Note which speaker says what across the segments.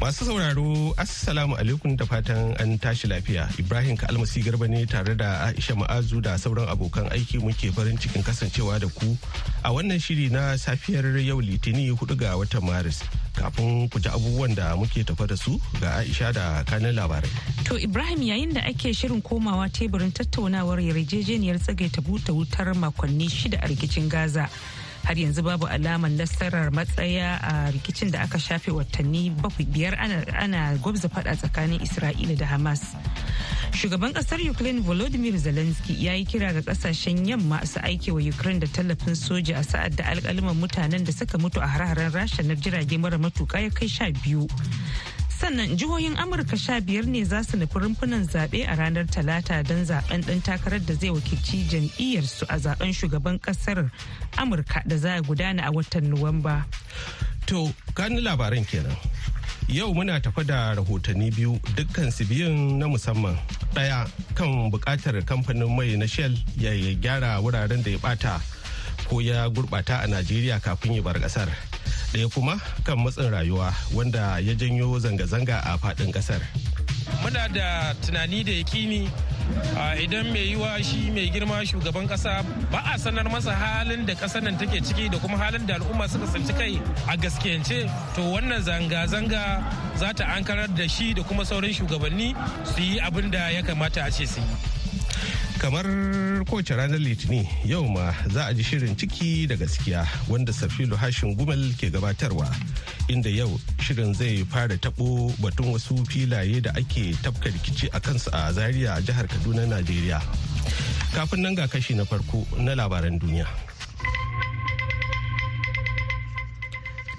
Speaker 1: Masu sauraro Assalamu alaikum da fatan an tashi lafiya. Ibrahim Kalmasi Garba ne tare da Aisha Ma'azu da sauran abokan aiki muke farin cikin kasancewa da ku a wannan shiri na safiyar yau Litini hudu ga watan Maris. Kafin ku ji abubuwan da muke tafa da su ga Aisha da kanan labarai.
Speaker 2: To Ibrahim yayin da ake shirin komawa teburin tattaunawar yarjejeniyar tsagaita buta wutar makonni shida a rikicin Gaza. har yanzu babu alamar nasarar matsaya a rikicin da aka shafe watanni bakwai biyar ana gwabza fada tsakanin isra'ila da hamas shugaban kasar ukraine volodymyr zelensky ya yi kira ga kasashen yamma su aike wa ukraine da tallafin soja a sa'ad da alkalaman mutanen da suka mutu a hare-haren rasha na jirage mara matuka ya kai sha biyu sannan jihohin amurka sha biyar ne za su nufi rumfunan zaɓe a ranar talata don zaben ɗan takarar da zai wakilci jam'iyyarsu a zaben shugaban ƙasar amurka da za a gudana a watan nuwamba
Speaker 1: to gani labaran kenan yau muna tafa da rahotanni biyu dukkan su biyun na musamman ɗaya kan buƙatar kamfanin mai na shell ya gyara wuraren da ya ɓata ko ya gurɓata a najeriya kafin ya bar ƙasar ɗaya kuma kan matsin rayuwa wanda ya janyo zanga-zanga a faɗin ƙasar. muna da tunani da yakini idan mai yiwa shi mai girma shugaban ƙasa ba a sanar masa halin da kasar nan take ciki da kuma halin da al'umma suka sanci kai a gaskiyance to wannan zanga-zanga za ta ankarar da shi da kuma sauran shugabanni su yi abin da ya kamata a ce su yi kamar kowace ranar litinin yau ma za a ji shirin ciki da gaskiya wanda safilu hashin gumel ke gabatarwa inda yau shirin zai fara tabo batun wasu filaye da ake tafka rikici a kansu a zaria jihar kaduna najeriya kafin nan ga kashi na farko na labaran duniya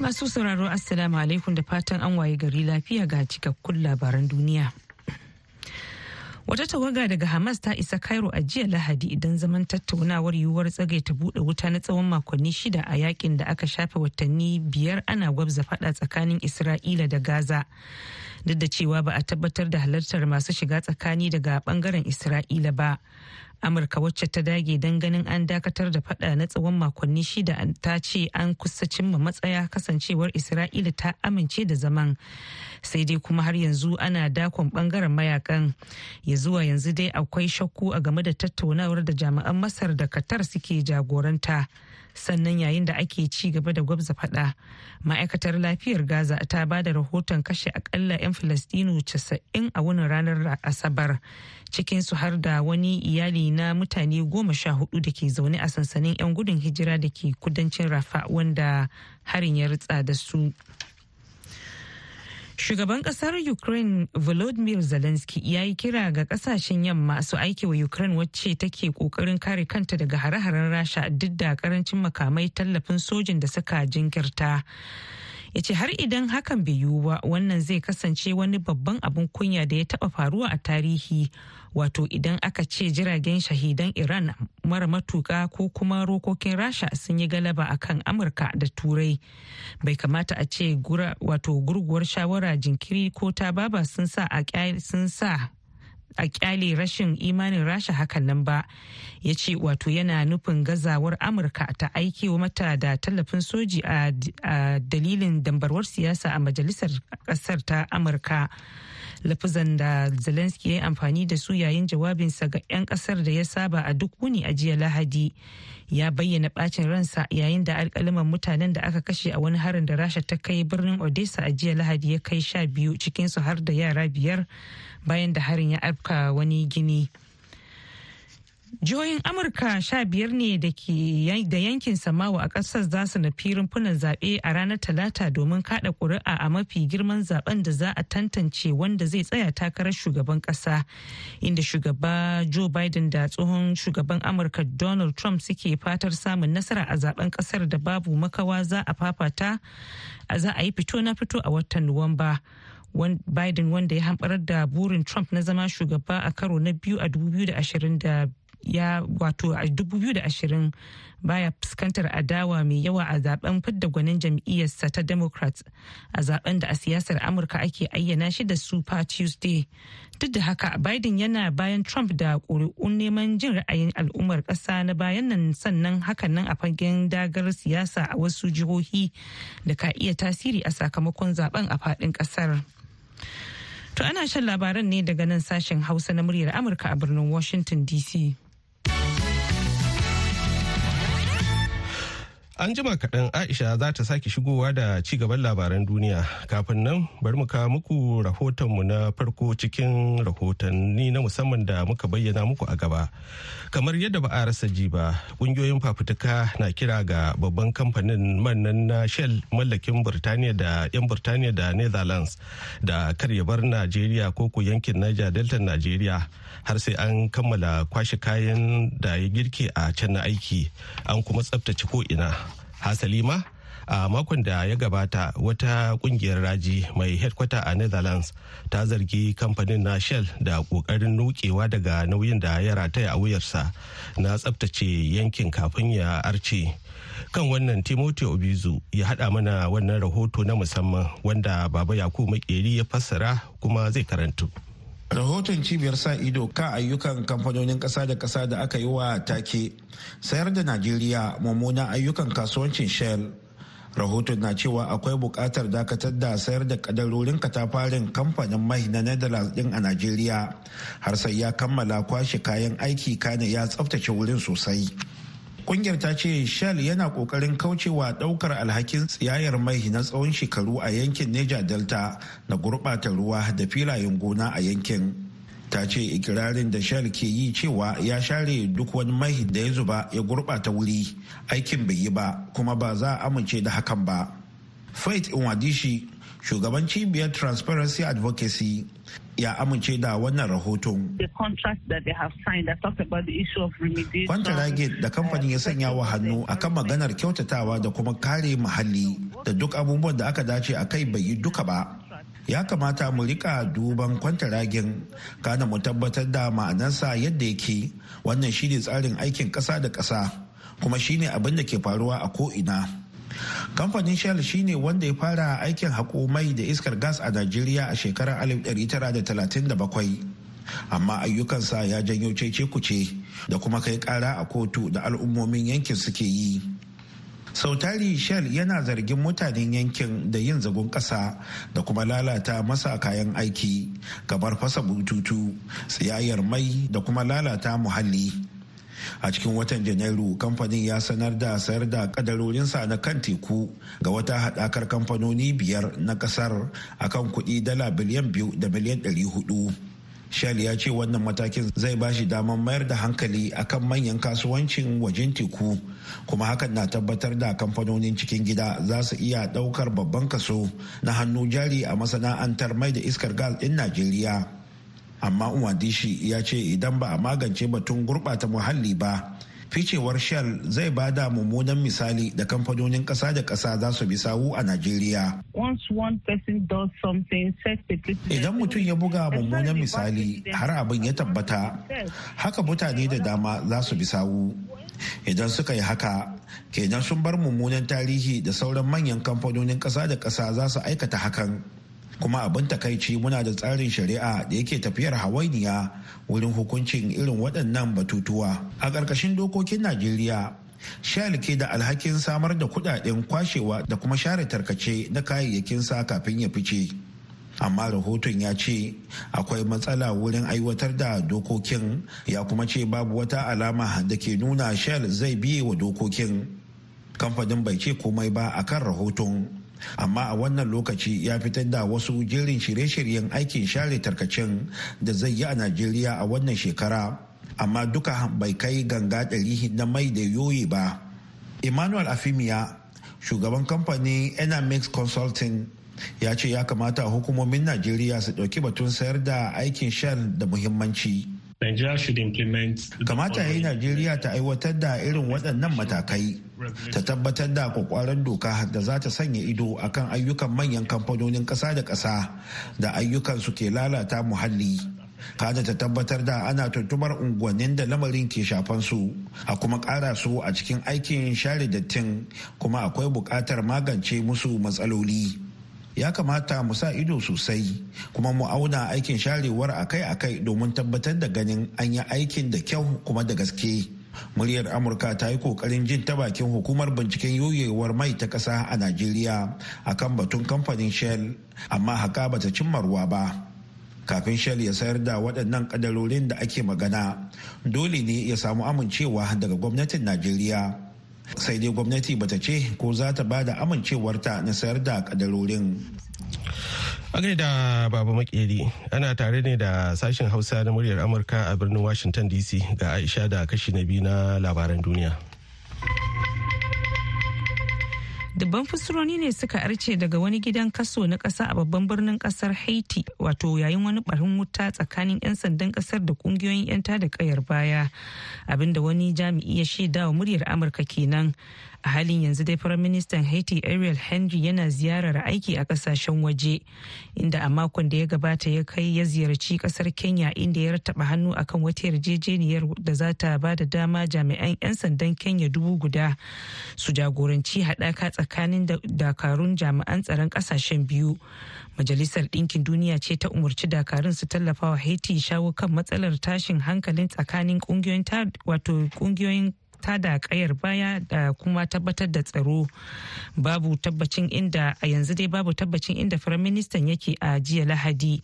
Speaker 2: masu sauraro assalamu alaikum da fatan an waye gari lafiya ga cikakkun labaran duniya wata tawaga daga hamas ta isa cairo a jiya lahadi idan zaman tattaunawar yiwuwar tsagai ta bude wuta na tsawon makonni shida a yakin da aka shafe watanni biyar ana gwabza fada tsakanin isra'ila da gaza duk da cewa ba a tabbatar da halartar masu shiga tsakani daga bangaren isra'ila ba amurka wacce ta dage don ganin an dakatar da fada na tsawon makonni shida ta ce an kusa cimma matsaya kasancewar isra'ila ta amince da zaman sai dai kuma har yanzu ana dakon bangaren mayakan ya zuwa yanzu dai akwai shakku a game da tattaunawar da jami'an masar da qatar suke jagoranta sannan yayin da ake ci gaba da gwabza fada ma'aikatar lafiyar gaza ta ba da rahoton kashe akalla 'yan filistino 90 a wani ranar asabar cikinsu har da wani iyali na mutane goma sha hudu da ke zaune a sansanin 'yan gudun hijira da ke kudancin rafa wanda harin ya ritsa da su Shugaban kasar Ukraine Volodymyr Zelensky ya yi kira ga kasashen yamma su aiki wa Ukraine wacce take kokarin kare kanta daga hare-haren Rasha duk da karancin makamai tallafin sojin da suka jinkirta. ya ce har idan hakan bai yiwu ba wannan zai kasance wani babban abin kunya da ya taba faruwa a tarihi wato idan aka ce jiragen shahidan iran mara matuka ko kuma rokokin rasha sun yi galaba akan amurka da turai bai kamata a ce wato gurguwar shawara jinkiri ko ta baba sun sa a kyale rashin imanin rasha hakan nan ba ya ce wato yana nufin gazawar amurka ta aiki mata da tallafin soji a dalilin dambarwar siyasa a majalisar kasar ta amurka lafazan da zelensky ya yi amfani da su yayin jawabinsa ga 'yan kasar da ya saba a duk wuni a jiya lahadi ya bayyana bacin ransa yayin da alkalaman mutanen da aka kashe a wani harin da rasha ta kai birnin odessa a jiya lahadi ya kai sha biyu cikinsu har da yara biyar bayan da harin ya afka wani gini. Jihohin Amurka sha biyar ne da yankin Samawa a ƙasar za su na rumfunan zaɓe a ranar Talata domin kaɗa ƙuri'a a mafi girman zaben da za a tantance wanda zai tsaya takarar shugaban ƙasa. Inda shugaba Joe Biden da tsohon shugaban Amurka Donald Trump suke fatar samun nasara a zaben ƙasar da babu makawa za a fafata a za a yi fito na fito a watan Nuwamba. Biden wanda ya hamɓarar da burin Trump na zama shugaba a karo na biyu a 2020 ya wato a 2020 baya fuskantar adawa mai yawa a zaben fidda gwanin jam'iyyarsa ta democrats a zaben da a siyasar amurka ake ayyana shi da super tuesday duk da haka biden yana bayan trump da ƙuri'un neman jin ra'ayin al'ummar ƙasa na bayan nan sannan hakan nan a fagen dagar siyasa a wasu jihohi da ka iya tasiri a sakamakon zaben a faɗin ƙasar to ana shan labaran ne daga nan sashen hausa na muryar amurka a birnin washington dc
Speaker 1: An jima kaɗan Aisha za ta sake shigowa da ci gaban labaran duniya. Kafin nan bari mu kawo muku rahotonmu na farko cikin rahotanni na musamman da muka bayyana muku a gaba. Kamar yadda ba a rasa ji ba, ƙungiyoyin fafutuka na kira ga babban kamfanin mannan na Shell mallakin Burtaniya da 'yan Burtaniya da Netherlands da kar ya bar Najeriya ko ku yankin Niger Delta Najeriya har sai an kammala kwashe kayan da ya girke a can na aiki an kuma tsabtace ko ina. hasalima a makon da ya gabata wata kungiyar raji mai headkwata a netherlands ta zargi kamfanin na shell da kokarin nukewa daga nauyin da ya rataya a wuyarsa na tsabtace yankin kafin ya arce kan wannan timothy obizu ya hada mana wannan rahoto na musamman wanda baba yakubu makeri
Speaker 3: ya fassara kuma zai karantu rahoton cibiyar sa ido kan ayyukan kamfanonin kasa da kasa da aka yi wa take sayar da najeriya mummunan ayyukan kasuwancin shell rahoton na cewa akwai bukatar dakatar da sayar da kadarorin katafarin kamfanin mai na netherlands din a najeriya har sai ya kammala kwashe kayan aiki kane ya tsaftace wurin sosai Kungiyar ta ce Shell yana kokarin kaucewa daukar alhakin tsiyayar mai na tsawon shekaru a yankin Neja Delta na gurɓata ruwa da filayen gona a yankin. Ta ce ikirarin da Shell ke yi cewa ya share duk wani mai da ya zuba ya gurbata wuri aikin bai yi ba kuma ba za a amince da hakan ba. Faith inwadishi shugaban cibiyar Transparency Advocacy, ya amince da wannan rahoton. kwantaragen da kamfanin ya uh, sanya wa hannu akan maganar kyautatawa da kuma kare muhalli da duk abubuwan da aka dace a kai bai yi duka ba. Ya kamata mu rika duban kwantaragen kana mu tabbatar da ma'anarsa yadda yake wannan shine tsarin aikin ƙasa da ƙasa kuma shine abin da ke faruwa a ko'ina. kamfanin shell shine wanda ya fara aikin haƙo mai da iskar gas a najeriya a shekarar 1937 amma ayyukansa ya janyo cece kuce da kuma kai kara a kotu da al'ummomin yankin suke yi sautari shell yana zargin mutanen yankin da yin zagon ƙasa da kuma lalata masa kayan aiki kamar fasa bututu tsayayyar mai da kuma lalata muhalli a cikin watan janairu kamfanin ya sanar da sayar da kadarorinsa na kan teku ga wata haɗakar kamfanoni biyar na ƙasar akan kuɗi dala biliyan biyu da miliyan ɗari hudu Shal ya ce wannan matakin zai ba shi damar mayar da hankali akan manyan kasuwancin wajen teku kuma hakan na tabbatar da kamfanonin cikin gida za su iya ɗaukar babban kaso na hannu jari a masana'antar mai da iskar gas ɗin najeriya amma umadishi ya ce idan ba a magance batun gurɓata muhalli ba ficewar shell zai ba da mummunan misali da kamfanonin ƙasa da ƙasa za su bi sawu a najeriya idan mutum ya buga mummunan misali har abin ya tabbata haka mutane da dama za su bi sawu idan suka yi haka kenan sun bar mummunan tarihi da sauran manyan kamfanonin ƙasa da ƙasa za su aikata hakan kuma abin takaici muna da tsarin shari'a da yake tafiyar hawainiya wurin hukuncin irin waɗannan batutuwa a ƙarƙashin dokokin najeriya shell ke da alhakin samar da kuɗaɗen kwashewa da kuma share tarkace na kayayyakin sa kafin ya fice amma rahoton ya ce akwai matsala wurin aiwatar da dokokin ya kuma ce babu wata alama da ke nuna shell zai biye wa dokokin kamfanin bai ce komai ba akan rahoton amma a wannan lokaci ya fitar da wasu jerin shirye-shiryen aikin share tarkacin da zai yi a najeriya a wannan shekara amma duka bai kai ganga ɗari na mai da yoyi ba emmanuel afimiya shugaban kamfanin enamix consulting ya ce ya kamata hukumomin najeriya su ɗauki batun sayar da aikin shan da muhimmanci Kamata ya yi Najeriya ta aiwatar da irin waɗannan matakai, ta tabbatar da kwakwaran doka da za ta sanya ido akan ayyukan manyan kamfanonin ƙasa da ƙasa da ayyukan su ke lalata muhalli. Kada ta tabbatar da ana tuntumar unguwannin da lamarin ke shafan su, a kuma ƙara su a cikin aikin share dattin kuma akwai buƙatar magance musu matsaloli. ya kamata mu sa ido sosai kuma mu auna aikin sharewar akai-akai domin tabbatar da ganin an yi aikin da kyau kuma da gaske muryar amurka ta yi kokarin jin ta bakin hukumar binciken yoyewar mai ta ƙasa a najeriya akan batun kamfanin shell amma haka bata cimma ruwa ba kafin shell ya sayar da waɗannan kadarorin da ake magana dole ne ya samu amincewa daga gwamnatin najeriya sai dai gwamnati bata ce ko za ta ba da amincewarta na sayar da kadarorin
Speaker 1: a da baba makeri ana tare ne da sashen hausa na muryar amurka a birnin washington dc ga aisha da kashi na biyu na labaran duniya
Speaker 2: dubban fusuroni ne suka arce daga wani gidan kaso na kasa a babban birnin kasar haiti wato yayin wani barin wuta tsakanin 'yan sandan kasar da kungiyoyin 'yan tada kayar baya abinda wani jami'i ya shaida wa muryar amurka kenan a halin yanzu dai firaministan haiti ariel henry yana ziyarar aiki a kasashen waje inda a makon da ya gabata ya kai ya ziyarci kasar kenya inda ya rataba hannu akan wata yarjejeniyar da za ta ba da dama jami'an 'yan sandan kenya dubu guda su jagoranci haɗaka tsakanin dakarun jami'an tsaron kasashen biyu majalisar ɗinkin duniya ce ta umarci dakarun su tallafa wa haiti shawo kan matsalar tashin hankalin tsakanin ƙungiyoyin tada kayar baya da kuma tabbatar da tsaro babu tabbacin inda a yanzu dai babu tabbacin inda firaministan yake a jiya lahadi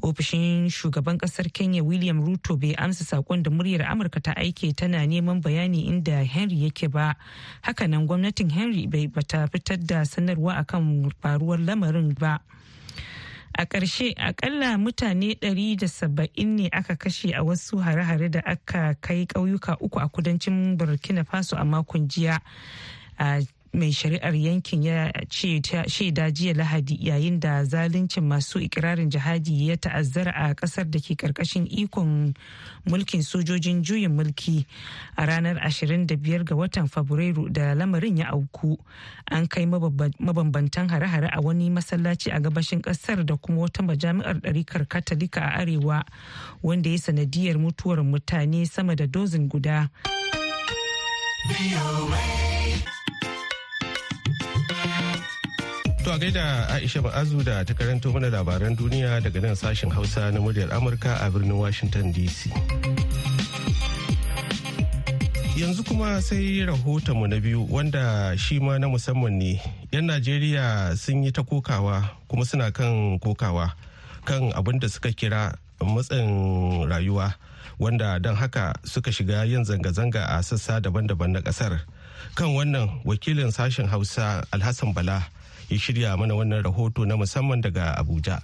Speaker 2: ofishin shugaban kasar kenya william ruto bai amsa sakon da muryar amurka ta aike tana neman bayani inda henry yake ba hakanan gwamnatin henry bai bata fitar da sanarwa akan faruwar lamarin ba. a ƙarshe akalla mutane 170 ne aka kashe a wasu hare-hare da aka kai ƙauyuka uku a kudancin burkina faso a makon jiya a mai shari'ar yankin ya shaida jiya lahadi yayin da zaluncin masu ikirarin jihadi ya ta'azzara a kasar da ke karkashin ikon mulkin sojojin juyin mulki a ranar 25 ga watan fabrairu da lamarin ya auku an kai mabambantan hare-hare a wani masallaci a gabashin kasar da kuma wata majami'ar ɗarikar katolika a arewa wanda ya sanadiyar mutuwar mutane sama da dozin guda.
Speaker 1: To a gaida Aisha ba'azu da ta karanto mana labaran duniya daga nan sashen Hausa na muryar Amurka a birnin Washington DC. Yanzu kuma sai rahotonmu na biyu wanda shi ma na musamman ne. 'Yan Najeriya sun yi ta kokawa kuma suna kan kokawa kan abin da suka kira matsin rayuwa wanda don haka suka shiga yin zanga-zanga a sassa daban-daban na kasar. Kan wannan wakilin sashen Hausa Alhassan Bala. ya shirya mana wannan rahoto na musamman daga Abuja.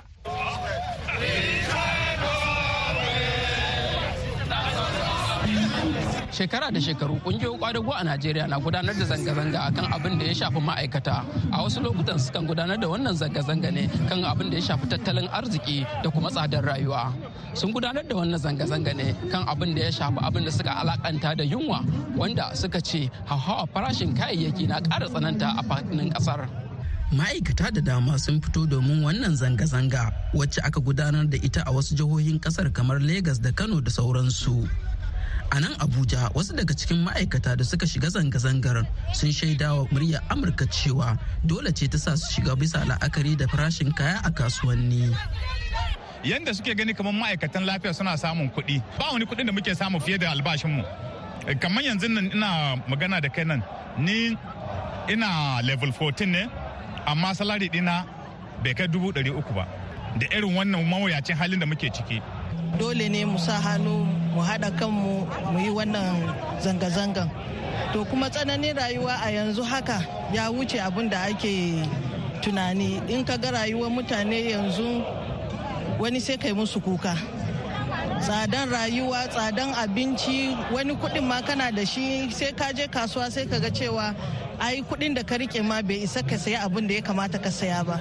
Speaker 4: shekara da shekaru kungiyoyin kwadago a najeriya na gudanar da zanga-zanga akan abin da ya shafi ma'aikata a wasu lokutan sukan gudanar da wannan zanga-zanga ne kan abin da ya shafi tattalin arziki da kuma tsadar rayuwa sun gudanar da wannan zanga-zanga ne kan abin da ya shafi abin da suka alakanta da yunwa wanda suka ce hauhawa farashin kayayyaki na kara tsananta a faɗin ƙasar ma'aikata da dama sun fito domin wannan zanga-zanga wacce aka gudanar da ita a wasu jihohin kasar kamar Legas da Kano da sauransu. A nan Abuja wasu daga cikin ma'aikata da suka shiga zanga-zangar sun shaidawa murya Amurka cewa dole ce ta sa su shiga bisa la'akari da farashin kaya a kasuwanni. Yanda
Speaker 1: suke gani kamar ma'aikatan lafiya suna
Speaker 4: samun kuɗi, ba wani kuɗin da muke samu fiye da
Speaker 1: albashinmu. Kamar yanzu nan ina magana da kai nan, ni ina level 14 ne, amma salari dina bai kai dubu ɗari uku ba da irin wannan mawuyacin halin da muke ciki dole ne mu sa hannu mu haɗa kanmu mu yi wannan zanga-zangan to kuma tsananin rayuwa a yanzu haka ya wuce abin da ake tunani in ka ga rayuwar mutane yanzu wani sai kai musu kuka tsadan rayuwa tsadan abinci wani kuɗin ma kana da shi sai ka je kasuwa sai ka ga cewa ai kuɗin da ka rike ma bai isa ka saya abin da ya kamata ka saya ba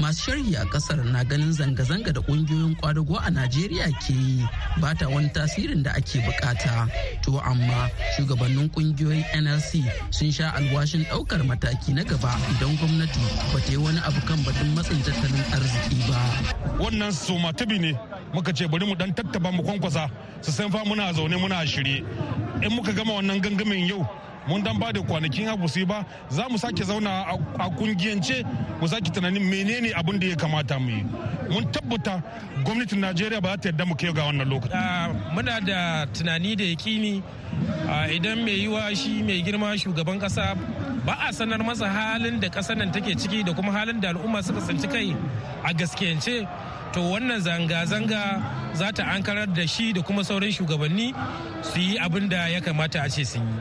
Speaker 4: masu sharhi a kasar na ganin zanga-zanga da ƙungiyoyin kwadago a najeriya ke yi ba ta wani tasirin da ake bukata to amma shugabannin ƙungiyoyin nlc sun sha alwashin ɗaukar mataki na gaba idan gwamnati ba ta yi wani abu kan batun matsin tattalin arziki ba wannan somatabi ne muka ce bari mu dan tattaba mu kwankwasa su san fa muna zaune muna shirye in muka gama wannan gangamin yau mun dan ba da kwanakin haku sai ba za mu sake zauna a kungiyance mu sake tunanin menene abin da ya kamata mu yi mun tabbata gwamnatin najeriya ba za ta yarda mu kai ga wannan lokaci ah,
Speaker 1: muna da tunani da yakini ah, idan mai yiwa shi mai girma shugaban kasa ba a sanar masa halin da kasar nan take ciki da kuma halin da al'umma suka tsinci kai a gaskiyance to wannan zanga-zanga za ta ankarar da shi da kuma sauran shugabanni su yi abin da ya kamata a ce sun yi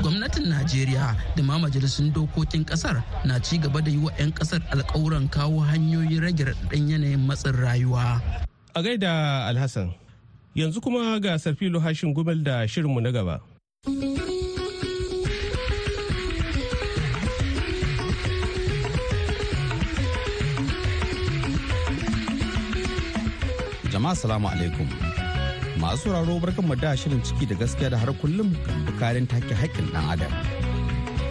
Speaker 4: gwamnatin najeriya da ma majalisun dokokin kasar na ci gaba da yi wa 'yan kasar alkawuran kawo hanyoyin rage raɗaɗin yanayin matsin
Speaker 1: rayuwa a gaida alhassan yanzu kuma ga sarfilo hashin gumel da shirinmu na gaba
Speaker 4: jama'a salamu alaikum masu sauraro barkan mu da shirin ciki da gaskiya da har kullum kan bukarin take haƙƙin ɗan adam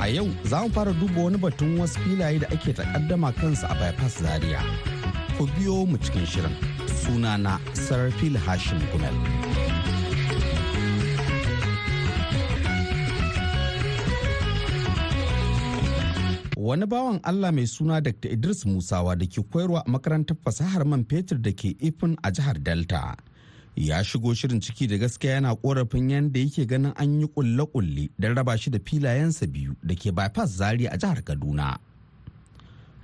Speaker 4: a yau za mu fara duba wani batun wasu filaye da ake takaddama kansu a bypass zaria ku biyo mu cikin shirin sunana sarfil hashim gumel wani bawan Allah mai suna Dr. Idris Musawa da ke koyarwa a makarantar fasahar man fetur da ke Ifin a jihar Delta ya shigo shirin ciki da gaskiya yana korafin yadda yake ganin an yi kulle-kulle don raba shi da filayensa biyu da ke bypass zari a jihar kaduna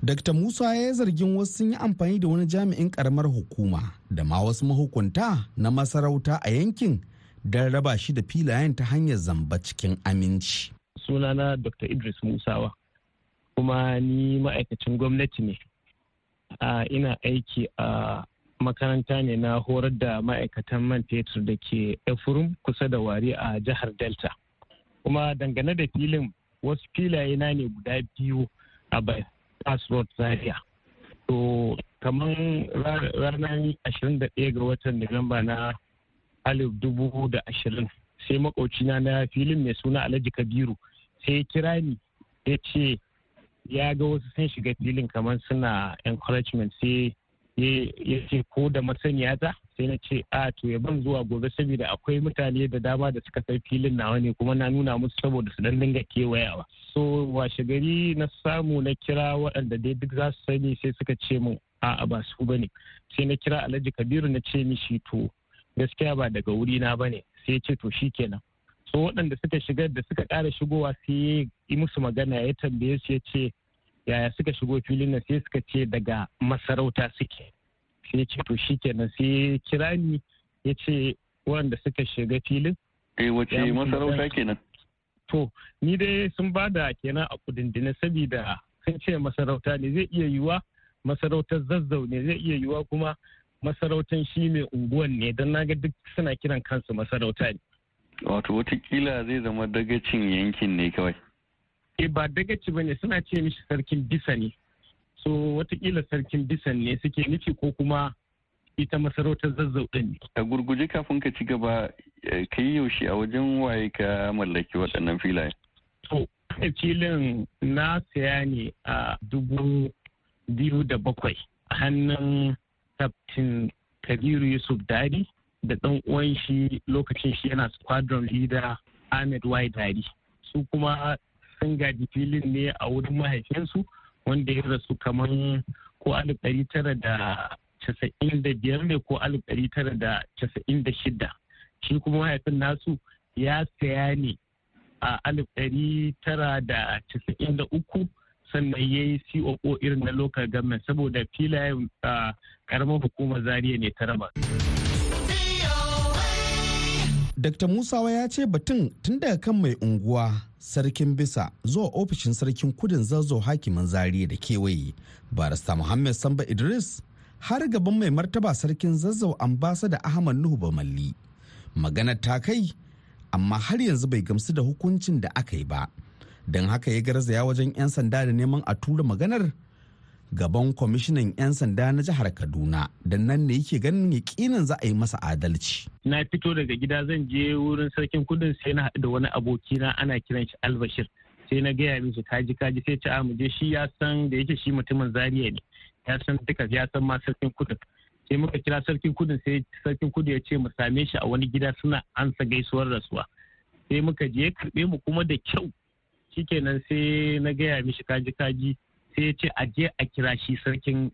Speaker 4: dr musa ya yi zargin wasu sun yi amfani da wani jami'in karamar hukuma da ma wasu mahukunta na masarauta a yankin don raba shi da filayen ta hanyar zamba cikin aminci
Speaker 5: sunana dr idris musawa kuma ni ma'aikacin gwamnati ne ah, ina aiki a makaranta ne na horar da ma'aikatan man fetur da ke efurum kusa da wari a jihar delta kuma dangane da filin wasu filaye na ne guda biyu a bypass road zaria to kamar ranar 21 ga watan nuwamba na alif dubu da ashirin sai makocina na filin mai suna alhaji kabiru sai ya kira ni ya ce ya ga wasu sun shiga filin kamar suna encouragement sai ya ce ko da masaniya ta sai na ce a to ya ban zuwa gobe saboda akwai mutane da dama da suka san filin nawa ne kuma na nuna musu saboda su dan dinga kewayawa so washe gari na samu na kira waɗanda dai duk za su sani sai suka ce min a'a ba su bane sai na kira alhaji kabiru na ce mishi to gaskiya ba daga wuri na bane sai ya ce to shikenan so waɗanda suka shigar da suka ƙara shigowa sai ya yi musu magana ya tambaye su ya ce yaya suka shigo filin na sai suka ce daga masarauta suke sai ce to shikenan sai kira ni ya ce wanda suka shiga filin eh wace masarauta kenan to ni dai sun ba da kenan a kudindina saboda sun ce masarauta ne zai iya yiwa masarautar zazzau ne zai iya yiwa kuma masarautar shi mai unguwan ne don naga duk suna kiran kansu masarauta ne wato watakila zai zama dagacin yankin ne kawai eh ba dagaci bane suna ce mishi sarkin bisa ne so watakila sarkin bisa ne suke nufi ko kuma ita masarautar zazzau ɗin a gurguje kafin ka ci gaba eh, ka yi yaushe a wajen waye ka mallaki waɗannan filaye to filin na saya ne a dubu biyu da bakwai a hannun kaftin kabiru yusuf dari da ɗan uwan shi lokacin shi yana squadron leader ahmed y dari su kuma sun gaji filin ne a wurin mahaifinsu wanda ya rasu kamar ko alif ɗari tara da casa'in da biyar ne ko alif ɗari tara da casa'in da shida shi kuma mahaifin nasu ya saya ne a alif ɗari tara da casa'in da uku sannan ya yi COO irin na local government saboda filayen a karamar hukumar zariya ne ta raba.
Speaker 4: Dr. Musawa ya ce batun tun daga kan mai unguwa sarkin bisa zuwa ofishin sarkin kudin zazzau hakimin zariya da kewaye barista muhammad samba idris har gaban mai martaba sarkin zazzau ambasa da ahmad nuhu bamalli magana ta kai amma har yanzu bai gamsu da hukuncin da aka yi ba don haka ya garzaya wajen 'yan sanda da neman a tura maganar gaban kwamishinan 'yan sanda na jihar kaduna da nan ne yake ganin yakinin za a yi masa adalci
Speaker 5: na fito daga gida zan je wurin sarkin kudin sai na haɗu da wani abokina ana kiran shi albashir sai na gaya mishi kaji kaji sai ci mu shi ya san da yake shi mutumin zaria ne ya san duka ya san ma sarkin kudin sai muka kira sarkin kudin sai sarkin kudin ya ce mu same shi a wani gida suna ansa gaisuwar rasuwa sai muka je ya karɓe mu kuma da kyau shikenan sai na gaya mishi kaji kaji sai ya ce aje a kira shi sarkin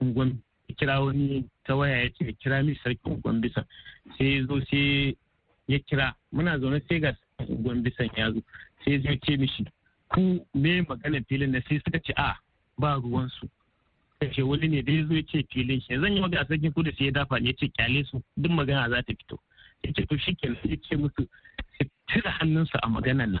Speaker 5: ungon kira wani ta waya ya ce kira mi sarkin ungon bisa sai ya zo sai ya kira muna zaune sai ga ungon bisan ya zo sai ya ce mishi ku me magana filin da sai suka ce a ah, ba ruwansu ce wani ne da ya zo ya ce filin shi zan yi magana sarkin da sai ya dafa ne ya ce kyale su duk magana za ta fito ya ce to shi kenan ya ce musu tira hannunsa a maganan nan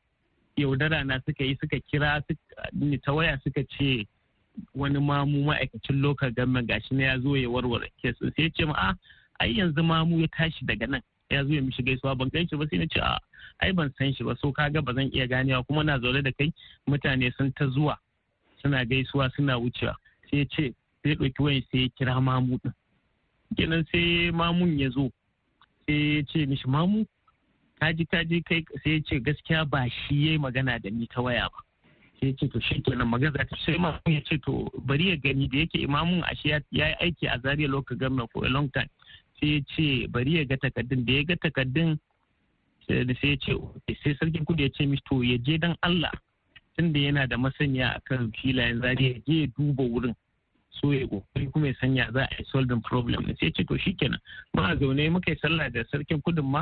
Speaker 5: yaudara na suka yi suka kira ni ta waya suka ce wani mamu ma'aikacin local government gashi na ya zo ya warware kesu sai ce ma ai yanzu mamu ya tashi daga nan ya zo ya mishi gaisuwa ban gan ba sai na ce a ai ban san shi ba so ga ba zan iya ganewa kuma na zaune da kai mutane sun ta zuwa suna gaisuwa suna wucewa sai ya ce sai ɗauki wayan sai ya kira mamu din kenan sai mamun ya zo sai ya ce mishi mamu kaji kaji kai sai ce gaskiya ba shi yayi magana da ni ta waya ba sai ya ce to shi kenan magana za ta sai imamun ya ce to bari ya gani da yake imamun ashe ya yi aiki a Zariya lokacin government ko long time sai ya ce bari ya ga takaddun da ya ga takaddun sai ya ce sai sarkin kudu ya ce mishi to ya je dan Allah tunda yana da masaniya akan filayen zariya. ya je ya duba wurin so ya kokari kuma ya sanya za a yi solving problem sai ya ce to kenan ma zaune muka yi sallah da sarkin kudin ma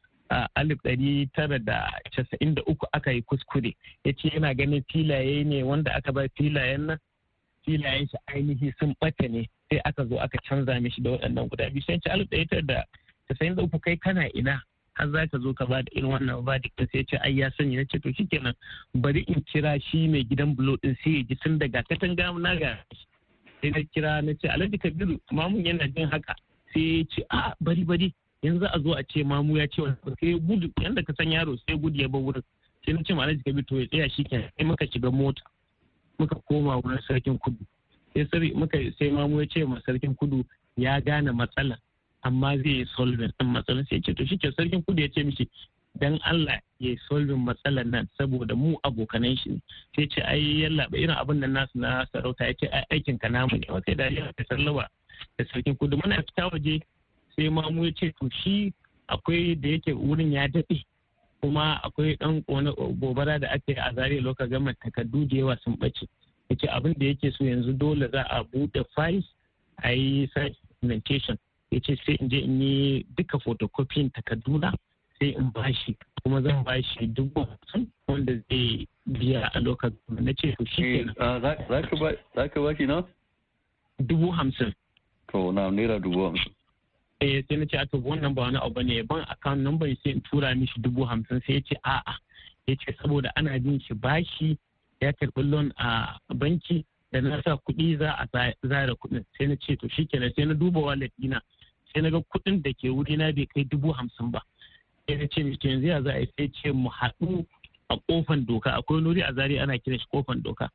Speaker 5: A alif ɗari tara da casa'in uku aka yi kuskure ya ce yana ganin filaye ne wanda aka bar filayen nan filayen shi ainihi sun bata ne sai aka zo aka canza mishi da waɗannan guda biyu sai ce alif ɗari tara da casa'in uku kai kana ina har za ka zo ka ba da irin wannan ba da sai ce ai ya sanya na ce to shikenan bari in kira shi mai gidan bulo din sai ya ji tun daga katanga na ga sai na kira na ce alhaji kabiru mamun yana jin haka sai ya ce a bari bari yanzu a zo a ce mamu ya ce wani sai gudu yanda ka san yaro sai gudu ya bar wurin sai na ce ma alhaji kabi to ya tsaya shi kenan sai muka shiga mota muka koma wurin sarkin kudu sai sai muka sai mamu ya ce ma sarkin kudu ya gane matsala amma zai yi solving din matsalar sai ce to shi ke sarkin kudu ya ce mishi dan Allah ya yi solving matsalar nan saboda mu abokanan shi sai ce ai yalla ba irin abin nan nasu na sarauta ya ce aikin ka namu ne sai da ya sallaba da sarkin kudu muna fita waje sai mamu ya ce to shi akwai da yake wurin ya daɗe kuma akwai ɗan gobara da aka yi a zare lokacin gama takardu da yawa sun ɓace yace abin da yake so yanzu dole za a buɗe files a yi documentation yace sai in je in yi duka photocopying takarduna sai in bashi kuma zan bashi dubban hamsin wanda zai biya a lokacin na ce to shi eh, za ka bashi na dubu hamsin to na naira dubu hamsin eh sai na ce aka wannan ba wani abu bane ban account number sai in tura mishi dubu hamsin sai ya ce a'a ya ce saboda ana bin shi bashi ya karɓi loan a banki da na sa kuɗi za a zara kuɗin sai na ce to shi shikenan sai na duba wallet dina sai na ga kuɗin da ke wuri na bai kai dubu hamsin ba sai na ce miki yanzu ya za a sai ce mu haɗu a kofan doka akwai nuri a zari ana kira shi kofan doka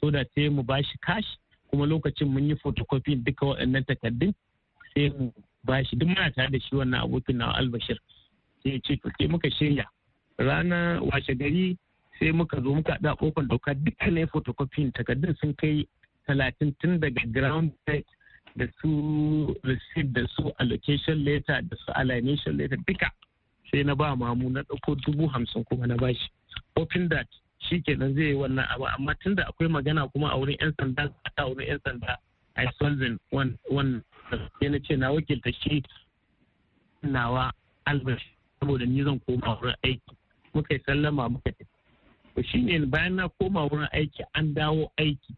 Speaker 5: so da sai mu bashi kashi kuma lokacin mun yi photocopy duka waɗannan takardun sai mu ba shi duk muna tare da shi wannan abokin na albashir sai ce to ke muka shirya rana washe gari sai muka zo muka da kofar doka dukkanin photocopying takardun sun kai talatin tun daga ground da su receipt da su allocation letter da su alienation letter duka sai na ba mamu na dauko dubu hamsin kuma na bashi open that shi kenan zai yi wannan abu amma tunda akwai magana kuma a wurin 'yan sanda a wurin 'yan sanda a solving one kasance na ce na wakilta shi nawa albashi saboda ni zan koma wurin aiki muka yi sallama muka to shi ne bayan na koma wurin aiki an dawo aiki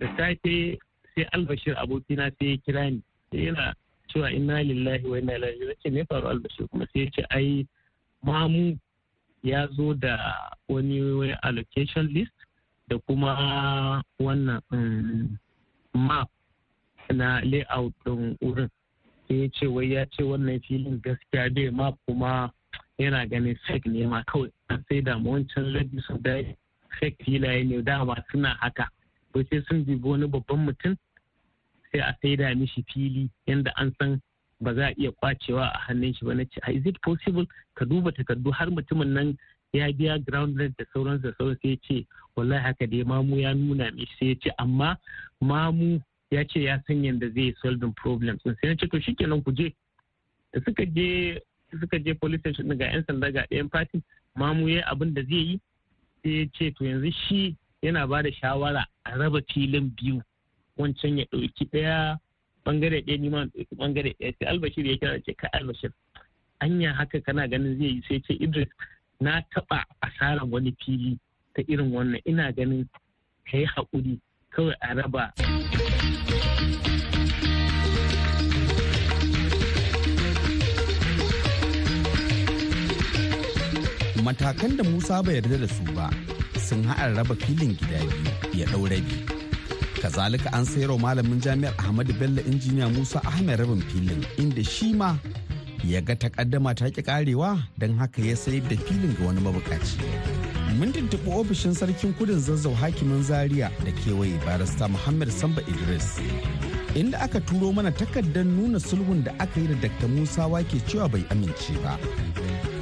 Speaker 5: da safe sai albashir abokina sai ya kira ni sai yana cewa inna lillahi wa inna ilaihi raji'un ce me faru albashir kuma sai ya ce ai mamu ya zo da wani allocation list da kuma wannan mm, map na layout ɗin wurin sai ya ce wai ya ce wannan filin gaskiya bai ma kuma yana ganin fake ne ma kawai sai da wancan ladi su da fake filaye ne dama suna haka to sai sun bibi wani babban mutum sai a sai da mishi fili yanda an san ba za a iya kwacewa a hannun shi ba na ce is it possible ka duba takardu har mutumin nan ya biya ground rent da sauransu da sauransu sai ce wallahi haka dai mamu ya nuna mishi sai ya ce amma mamu ya ce ya san yadda zai solving problems sai na ce to shikenan ku je da suka je suka je police station ga yan sanda ga ɗayan party mamu ya abin da zai yi sai ya ce to yanzu shi yana ba da shawara a raba filin biyu wancan ya ɗauki ɗaya bangare ɗaya ni ma ɗauki bangare ɗaya sai albashir ya kira ce ka albashir anya haka kana ganin zai yi sai ce idris na taɓa asarar wani fili ta irin wannan ina ganin ka yi haƙuri kawai a raba.
Speaker 4: matakan da musa bai yarda da su ba sun haɗa raba filin gida biyu ya ɗau rabi kazalika an sayarwa malamin jami'ar ahmadu bello injiniya musa ahmed rabin filin inda shi ma ya ga takaddama ta ki karewa don haka ya sayar da filin ga wani mabukaci mun tuntuɓi ofishin sarkin kudin zazzau hakimin zaria da kewaye barista muhammad samba idris inda aka turo mana takardar nuna sulhun da aka yi da dr musa wake cewa bai amince ba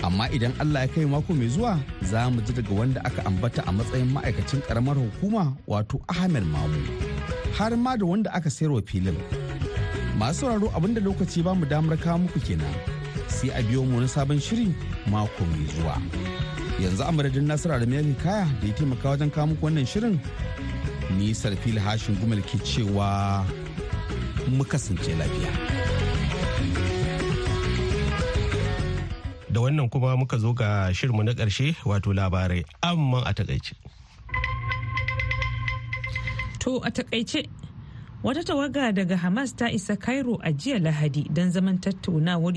Speaker 4: amma idan allah ya kai mako mai zuwa za mu ji daga wanda aka ambata a matsayin ma'aikacin karamar hukuma wato ahmed mamu har ma da wanda aka sayar wa filin masu sauraro abinda lokaci ba mu damar kawo muku kenan sai a biyo mu wani sabon shiri mako mai zuwa yanzu a madadin nasara da mai kaya da ya taimaka wajen kawo muku wannan shirin ni sarfil hashin gumal ke cewa mu kasance lafiya.
Speaker 1: da wannan kuma muka zo ga shirmu na ƙarshe wato labarai amma a takaice.
Speaker 2: To a takaice wata tawaga daga Hamas ta isa Cairo a jiya Lahadi don zaman tattaunawar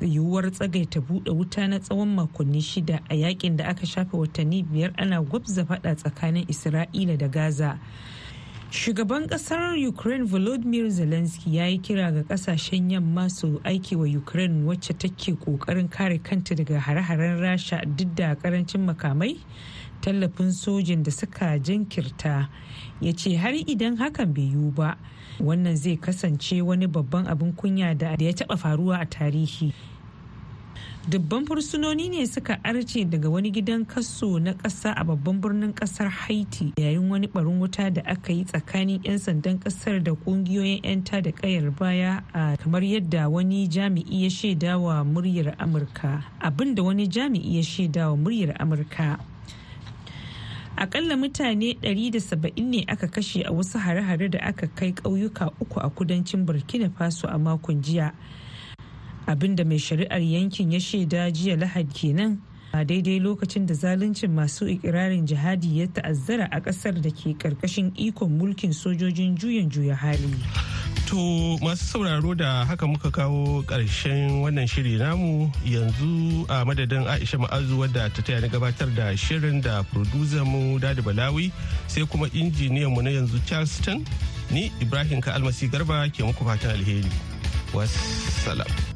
Speaker 2: yiwuwar tsagaita buɗe wuta na tsawon makonni shida a yakin da aka shafe watanni biyar ana gwabza faɗa tsakanin Isra'ila da Gaza. Shugaban kasar Ukraine Volodymyr Zelensky ya yi kira ga kasashen yamma su aiki wa Ukraine wacce take kokarin kare kanta daga hare-haren Rasha duk da karancin makamai, tallafin sojin da suka jinkirta. Ya ce har idan hakan bai yiwu ba, wannan zai kasance wani babban abin kunya da ya taɓa faruwa a tarihi. dubban fursunoni ne suka arce daga wani gidan kaso na kasa a babban birnin kasar haiti yayin wani barin wuta da aka yi tsakanin 'yan sandan kasar da kungiyoyin 'yan ta da ƙayar baya a kamar yadda wani jami'i ya shaidawa muryar amurka da wani jami'i ya shaidawa muryar amurka akalla mutane 170 ne aka kashe a wasu hare-hare da aka kai ƙauyuka uku a kudancin burkina faso a makon jiya abinda mai shari'ar yankin ya shaida jiya lahad kenan a daidai lokacin da zaluncin masu ikirarin jihadi ya ta'azzara a kasar da ke karkashin ikon mulkin sojojin juyan juya hali.
Speaker 1: To masu sauraro da haka muka kawo karshen wannan shiri namu
Speaker 2: yanzu
Speaker 1: a madadin Aisha Ma'azu wadda ta taya na gabatar da shirin da producer mu Dadi Balawi sai kuma injiniyan mu na yanzu Charleston ni Ibrahim Ka Almasi Garba ke muku fatan alheri. Wassalam.